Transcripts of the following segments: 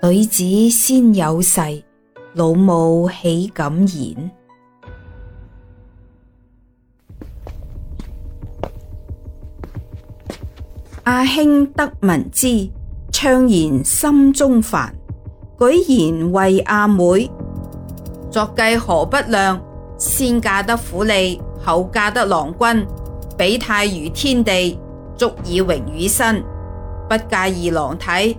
女子先有誓，老母豈敢言？阿兄得聞之，悵然心中煩，舉言為阿妹作計何不量？先嫁得府吏，後嫁得郎君，比泰如天地，足以榮汝身，不嫁義郎體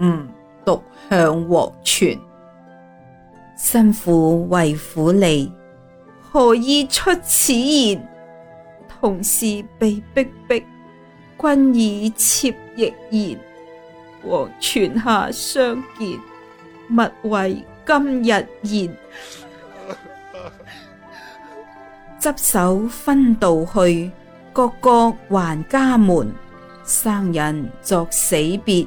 吾獨、嗯、向黃泉辛苦為苦利，何以出此言？同事被逼迫，君以妾亦言。黃泉下相見，勿為今日言。 執手分道去，各各還家門。生人作死別。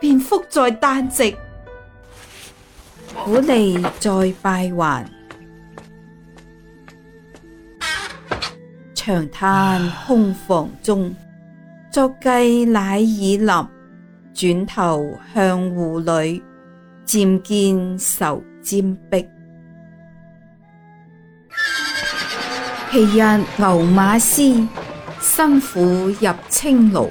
便復在旦夕，苦利再拜還，長嘆空房中。作計乃爾立，轉頭向戶裏，漸見愁煎迫。其日牛馬嘶，辛苦入青廬。